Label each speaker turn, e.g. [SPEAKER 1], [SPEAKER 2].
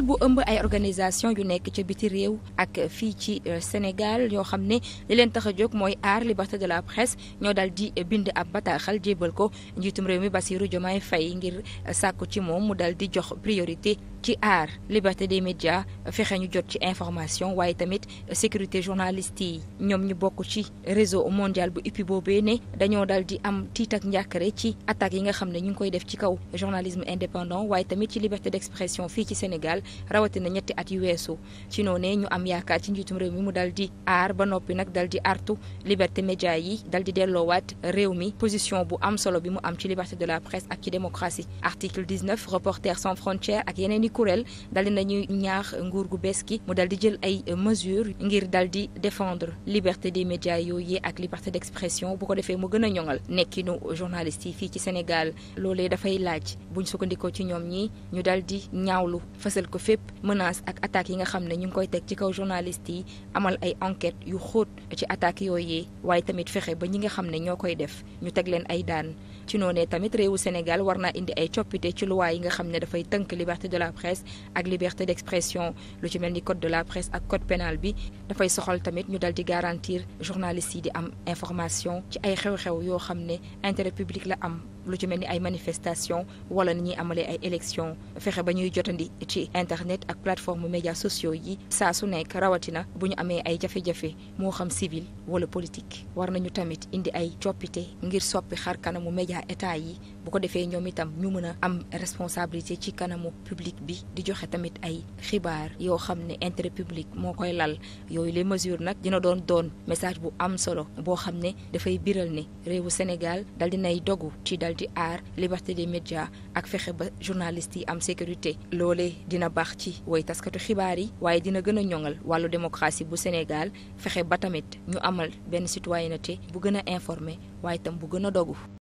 [SPEAKER 1] kuréel bu ëmb ay organisation yu nekk ca biti réew ak fii ci euh, Sénégal yoo xam ne li leen tax a jóg mooy aar liberté de la presse ñoo daal di bind ab bataaxal jébal ko njiitum réew mi Bassirou Diomaye Faye ngir euh, sàkku ci moom mu daal di jox priorité ci aar liberté des médias fexe ñu jot ci information waaye tamit sécurité journaliste yi ñoom ñu bokk ci réseau mondial bu UPI boobee ne dañoo daal di am tiit ak njàkkare ci attaques yi nga xam ne ñu ngi koy def ci kaw journalisme ci Sénégal rawatina ñetti at yu weesu ci noonee ñu am yaakaar ci njiitum réew mi mu dal di aar ba noppi nag dal di artu liberté média yi dal di delloowaat réew mi position bu am solo bi mu am ci liberté de la presse ak ci démocratie article 19 reporters sans frontières ak yeneen i kuréel dal di nañu ñaax nguur gu bees gi mu dal di jël ay mesure ngir dal di défendre liberté des médias yooyu ak liberté d'expression bu ko defee mu gën a ñoŋal nekkinu journaliste yi fii ci Sénégal loolee dafay laaj buñ sukkandikoo ci ñoom ñi ñu dal di ñaawlu fépp menace ak attaques yi nga xam ne ñu ngi koy teg ci kaw journalistes yi amal ay enquêtes yu xóot ci attaques yooyee waaye tamit fexe ba ñi nga xam ne ñoo koy def ñu teg leen ay daan ci noonee tamit réewu Sénégal war naa indi ay coppite ci loi yi nga xam ne dafay tënk liberté de la presse ak liberté d'expression lu ci mel ni code de la presse ak code pénal bi dafay soxal tamit ñu dal di garantir journalistes yi di am information ci ay xew-xew yoo xam ne intérêt public la am lu ci mel ni ay manifestation wala ni ñuy amalee ay élection fexe ba ñuy jotandi ci internet ak plateforme médias sociaux yi saa su nekk rawatina bu ñu amee ay jafe-jafe moo xam civil wala politique war nañu tamit indi ay coppite ngir soppi xar kanamu média état yi bu ko defee ñoom itam ñu mën a am responsabilité ci kanamu public bi di joxe tamit ay xibaar yoo xam ne intérêt public moo koy lal yooyu le mesures nag dina doon doon message bu am solo boo xam ne dafay biral ne réewu di aar liberté des média ak fexe ba journalistes yi am sécurité loolee dina baax ci way taskatu xibaar yi waaye dina gën a ñoŋal wàllu démocratie bu Sénégal fexe ba tamit ñu amal benn citoyenneté bu gën a informé waaye tam bu gën a dogu